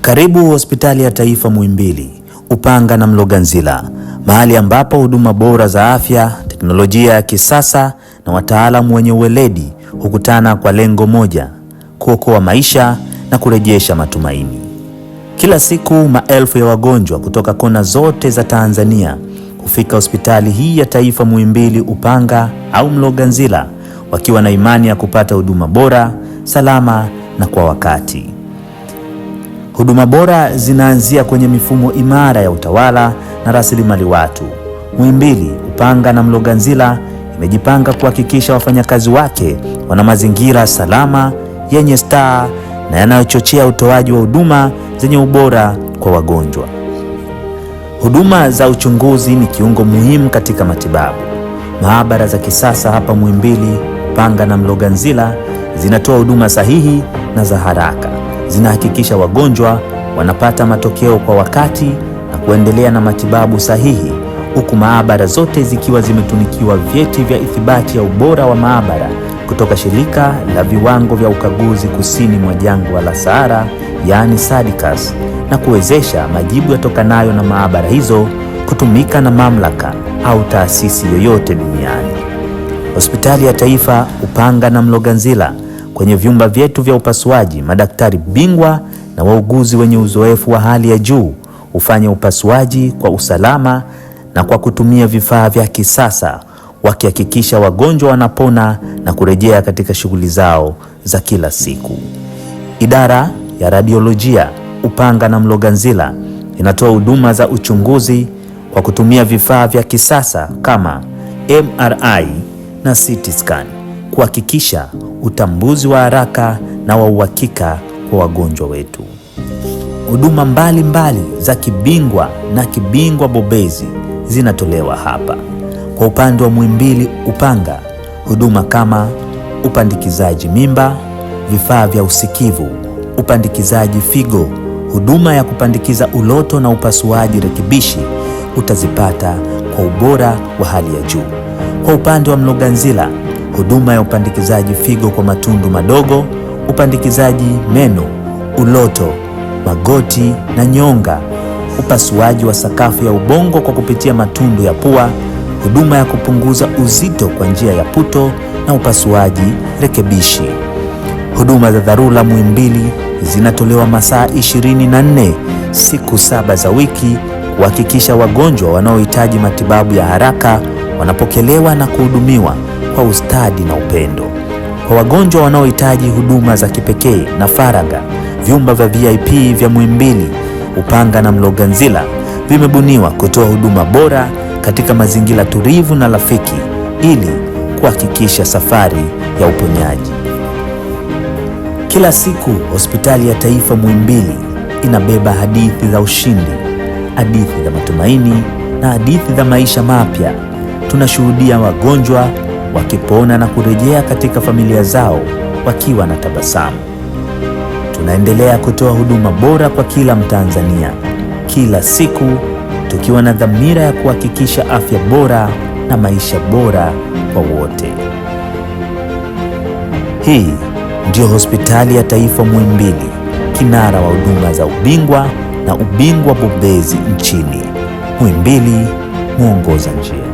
Karibu hospitali ya taifa Muhimbili, Upanga na Mloganzila, mahali ambapo huduma bora za afya, teknolojia ya kisasa na wataalamu wenye uweledi hukutana kwa lengo moja, kuokoa maisha na kurejesha matumaini. Kila siku maelfu ya wagonjwa kutoka kona zote za Tanzania hufika hospitali hii ya taifa Muhimbili, Upanga au Mloganzila wakiwa na imani ya kupata huduma bora, salama na kwa wakati. Huduma bora zinaanzia kwenye mifumo imara ya utawala na rasilimali watu. Muhimbili, Upanga na Mloganzila imejipanga kuhakikisha wafanyakazi wake wana mazingira salama, yenye staa na yanayochochea utoaji wa huduma zenye ubora kwa wagonjwa. Huduma za uchunguzi ni kiungo muhimu katika matibabu. Maabara za kisasa hapa Muhimbili, Upanga na Mloganzila zinatoa huduma sahihi na za haraka zinahakikisha wagonjwa wanapata matokeo kwa wakati na kuendelea na matibabu sahihi, huku maabara zote zikiwa zimetunikiwa vyeti vya ithibati ya ubora wa maabara kutoka shirika la viwango vya ukaguzi kusini mwa jangwa la Sahara, yaani SADCAS, na kuwezesha majibu yatokanayo na maabara hizo kutumika na mamlaka au taasisi yoyote duniani. Hospitali ya Taifa Upanga na Mloganzila Kwenye vyumba vyetu vya upasuaji, madaktari bingwa na wauguzi wenye uzoefu wa hali ya juu hufanya upasuaji kwa usalama na kwa kutumia vifaa vya kisasa, wakihakikisha wagonjwa wanapona na kurejea katika shughuli zao za kila siku. Idara ya Radiolojia Upanga na Mloganzila inatoa huduma za uchunguzi kwa kutumia vifaa vya kisasa kama MRI na CT scan kuhakikisha utambuzi wa haraka na wa uhakika kwa wagonjwa wetu. Huduma mbalimbali za kibingwa na kibingwa bobezi zinatolewa hapa. Kwa upande wa Muhimbili Upanga, huduma kama upandikizaji mimba, vifaa vya usikivu, upandikizaji figo, huduma ya kupandikiza uloto na upasuaji rekebishi utazipata kwa ubora wa hali ya juu. Kwa upande wa Mloganzila huduma ya upandikizaji figo kwa matundu madogo, upandikizaji meno, uloto, magoti na nyonga, upasuaji wa sakafu ya ubongo kwa kupitia matundu ya pua, huduma ya kupunguza uzito kwa njia ya puto na upasuaji rekebishi. Huduma za dharura Muhimbili zinatolewa masaa 24 siku saba za wiki kuhakikisha wagonjwa wanaohitaji matibabu ya haraka wanapokelewa na kuhudumiwa kwa ustadi na upendo. Kwa wagonjwa wanaohitaji huduma za kipekee na faragha, vyumba vya VIP vya Muhimbili, Upanga na Mloganzila vimebuniwa kutoa huduma bora katika mazingira tulivu na rafiki ili kuhakikisha safari ya uponyaji. Kila siku Hospitali ya Taifa Muhimbili inabeba hadithi za ushindi, hadithi za matumaini na hadithi za maisha mapya. Tunashuhudia wagonjwa wakipona na kurejea katika familia zao wakiwa na tabasamu. Tunaendelea kutoa huduma bora kwa kila Mtanzania kila siku, tukiwa na dhamira ya kuhakikisha afya bora na maisha bora kwa wote. Hii ndio Hospitali ya Taifa Muhimbili, kinara wa huduma za ubingwa na ubingwa bobezi nchini. Muhimbili, mwongoza njia.